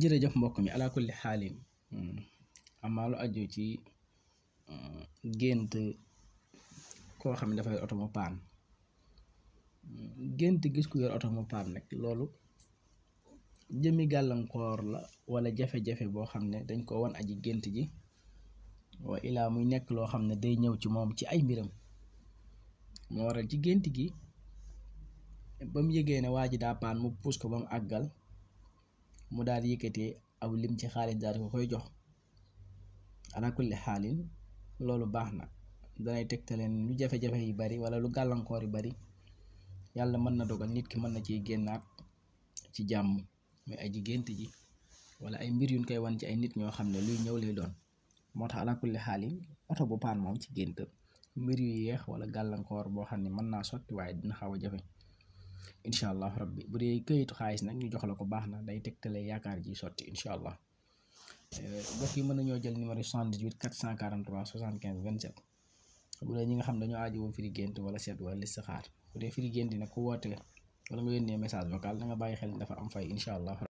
jërëjëf mbokk mi ala kulli xaalin amaalu aju ci eh, gént koo xam ne dafa yor oto mu paan gént gis ku yor oto mu paan nag loolu jëmmi gàllankoor la wala jafe-jafe boo xam ne dañ ko won aji gént ji wa ilaa muy nekk loo xam ne day ñëw ci moom ci ay mbiram moo waral ci gént gi ba mu yëgee ne waa ji daa paan mu puus ko ba mu àggal mu daal di yëkkatee aw lim ci xaalis daal di ko koy jox ala kulli xaalin loolu baax na danay leen lu jafe-jafe yi bari wala lu gàllankoor yi bari yàlla mën na dogal nit ki mën na génn génnaat ci jàmm muy aji gént ji walla ay mbir yuñ koy wan ci ay nit ñoo xam ne luy ñëw lay doon moo tax ala kulli xaalin oto bu paan moom ci gént mbir yu yeex wala gàllankoor boo xam ne mën naa sotti waaye dina xaw a jafe incha allah rabbi bu dee këyitu xaalis nag ñu jox la ko baax na day teg tegtale yaakaar ji sotti incha allah eh, mbokk yi mën nañoo jël numéro 78 443 75 27 bu dee ñi nga xam dañoo aajowoo firi gént wala seet wala listixaar bu dee firi gént nag ku woote wala nga yónnee message vocal da nga bàyyi xel dafa am fay incha allah